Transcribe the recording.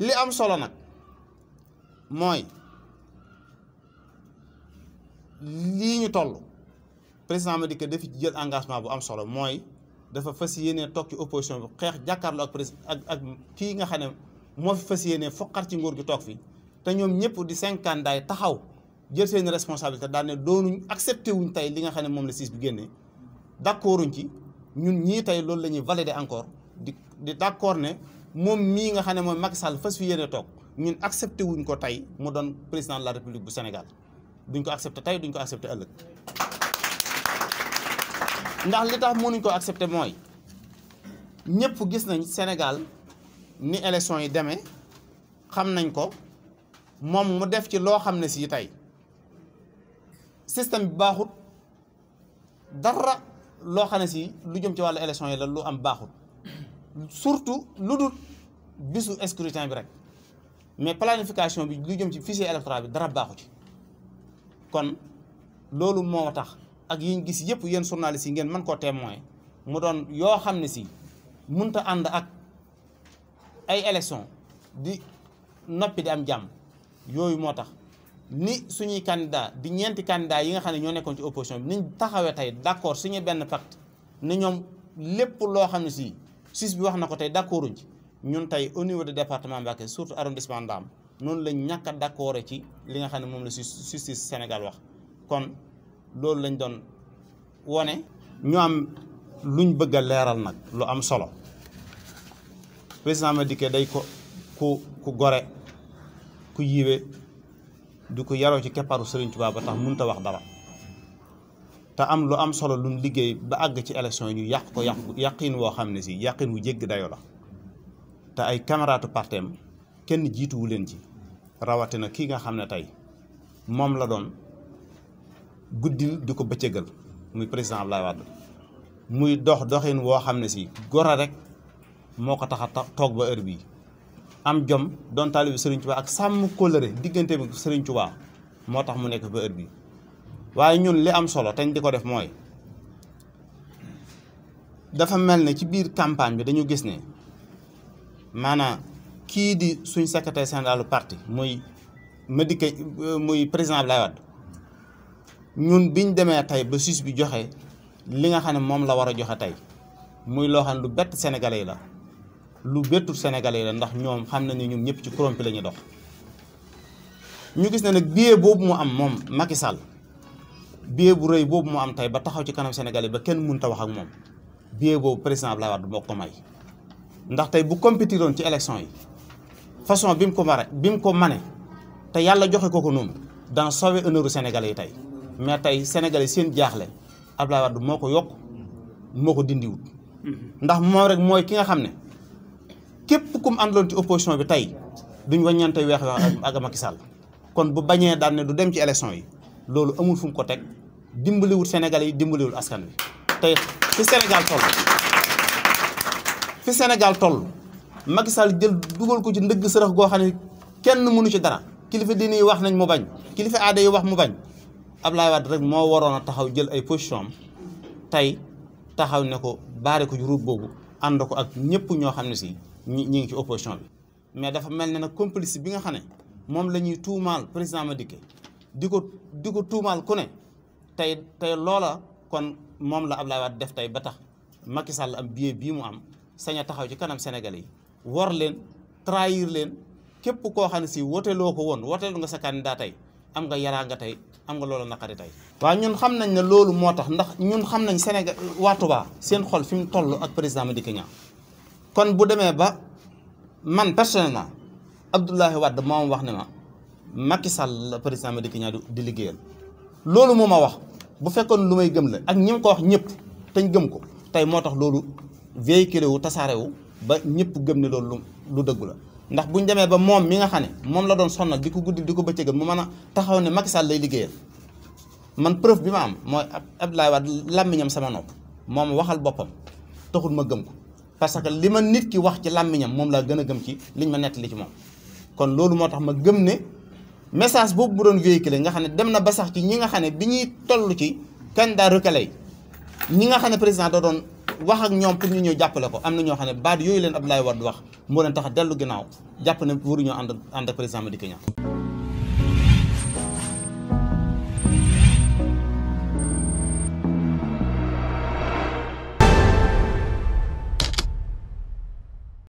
li am solo nag mooy lii ñu toll président Madické que dafa jël engagement bu am solo mooy dafa fas yéene toog ci opposition bi xeex jàkkaarloo ak président ak ak kii nga xam ne moo fi fas yéene foqat ci nguur gi toog fi te ñoom ñëpp di cinquante daay taxaw jël seen responsabilité daal ne doonuñ accepté wuñ tey li nga xam ne moom la siis bi génnee d'accorduñ ci ñun ñii tey loolu la ñuy valider encore di di d'accord ne moom mii nga xam ne mooy mag Sall fas fi yéene toog ñun accepté wuñ ko tey mu doon président de la république bu Sénégal duñ ko accepté tey duñ ko accepté ëllëg ndax li tax mënuñ ko accepté mooy ñëpp gis nañ Sénégal ni élection yi demee xam nañ ko moom mu def ci loo xam ne si tey système bi baaxut dara loo xam ne si lu jëm ci wàllu élection yi la lu am baaxut surtout lu dul bisu scrutin bi rek mais planification bi lu jëm ci fichier électoral bi dara baaxu ci kon loolu moo tax ak yiñ gis yëpp yéen journalistes si ngeen man koo témoin mu doon yoo xam ne si munta ànd ak ay élection di noppi di jàmm yooyu moo tax ni suñuy candidat di ñeenti candidat yi nga xam ne ñoo nekkoon ci opposition bi taxawee tey d'accord suñu benn pacte ne ñoom lépp loo xam ne si suisse bi wax na ko tey d'accord ci ñun tey au niveau de département Mbacké surtout arrondissement Ndam noonu lañ ñàkk a d'accord ci li nga xam ne moom la justice Sénégal wax kon loolu lañ doon wone ñu am luñ bëgg a leeral nag lu am solo président Madické day ko ku ku gore ku yiwe du ko yaroo ci kepparu Serigne Touba ba tax mënut wax dara te am lu am solo lu liggéey ba àgg ci élection yi yàq ko yàq yàqin woo xam ne si yàqin wu jégg dayo la te ay camaratu partem kenn jiituwu leen ci rawatina kii nga xam ne tey moom la doon guddil di ko bëccëgal muy président Abdoulaye Wade muy dox doxin woo xam ne si gora rek moo ko tax a toog ba heure bii am jom doon taalibi Serigne Touba ak sàmm kóllëre diggante bi Serigne Touba moo tax mu nekk ba heure waaye ñun li am solo teñ di ko def mooy dafa mel ne ci biir campagne bi dañu gis ne maanaa kii di suñ secrétaire général partie muy Madické euh, muy président Abdoulaye Wade ñun biñ demee tey ba sus bi joxe li nga xam ne moom la war a joxe tey muy loo xam ne lu bett sénégalais yi la lu bettul sénégalais yi la ndax ñoom xam nañu ñun ñëpp ci korompi la lañuy dox ñu gis ne nag billet boobu mu am moom Macky Sall biais bu rëy boobu moo am tey ba taxaw ci kanam Sénégal yi ba kenn mënut ta wax ak moom biais boobu président Abdoulaye Wade moo ko may. ndax tey bu compétiroon ci élection yi façon bi mu ko mare bi mu ko mane te yàlla joxe ko ko noonu dana sauver honneur Sénégalais yi tey mais tey sénégal Sénégalais seen jaaxle Abdoulaye Wade moo ko yokk moo ko dindiwut ndax moom rek mooy ki nga xam ne képp ku mu àndaloon ci opposition bi tey duñ ko wàññante weex ak Macky Sall kon bu bañee daan du dem ci élection yi loolu amul fu mu ko teg dimbaliwul Sénégal yi dimbaliwul askan wi tey fi Sénégal toll fi Sénégal toll Macky Sall jël dugal ko ci ndëgg sërëx goo xam ne kenn mënu ci dara kilifa diine yi wax nañ mu bañ kilifa aada yi wax mu bañ Abdoulaye Wade rek moo waroon a taxaw jël ay position tey taxaw ne ko baare ko ci ruub boobu ànd ko ak ñëpp ñoo xam ne si ñi ñi ngi ci opposition bi mais dafa mel ne nag complice bi nga xam ne moom la ñuy tuumaal président Madické di ko di ko tuumaal ku ne tey tey loola kon moom la Ablaye Wade def tey ba tax Macky Sall am biais bii mu am sañ a taxaw ci kanam senegal yi wor leen trahir leen képp koo xam ne si woteeloo ko woon woteelu nga sa daa tey am nga yaraa nga tey am nga naqari tey. waaw ñun xam nañ ne loolu moo tax ndax ñun xam nañ senegal waa seen xol fi mu toll ak président ma Madické Niang kon bu demee ba man personnellement Abdoulaye Wade moom wax ne ma Macky Sall la président Madické Niang di liggéeyal loolu moo ma wax. bu fekkoon lu may gëm la ak ñi ko wax ñëpp tañ gëm ko tey moo tax loolu véhiculé wu tasaare wu ba ñëpp gëm ne loolu lu dëggu la ndax bu buñ demee ba moom mi nga xam ne moom la doon sonnal di ko guddi di ko bëccëgal mu man a taxaw ne Macky Sall lay liggéeyal man preuve bi ma am mooy Abdoulaye Wade làmmiñam sama nopp moom waxal boppam taxul ma gëm ko parce que li ma nit ki wax ci làmmiñam moom laa gën a gëm ci liñ ma nettali ci moom kon loolu moo tax ma gëm ne message boobu bu doon véhiculé nga xam ne dem na ba sax ci ñi nga xam ne bi ñuy toll ci candidat recalé yi ñi nga xam ne président da doon wax ak ñoom pour ñu ñëw jàppale ko am na ñoo xam ne baat yooyu leen Abdoulaye Wade wax moo leen tax dellu ginnaaw jàpp ne waruñoo ànd ànd ak président Madické Niang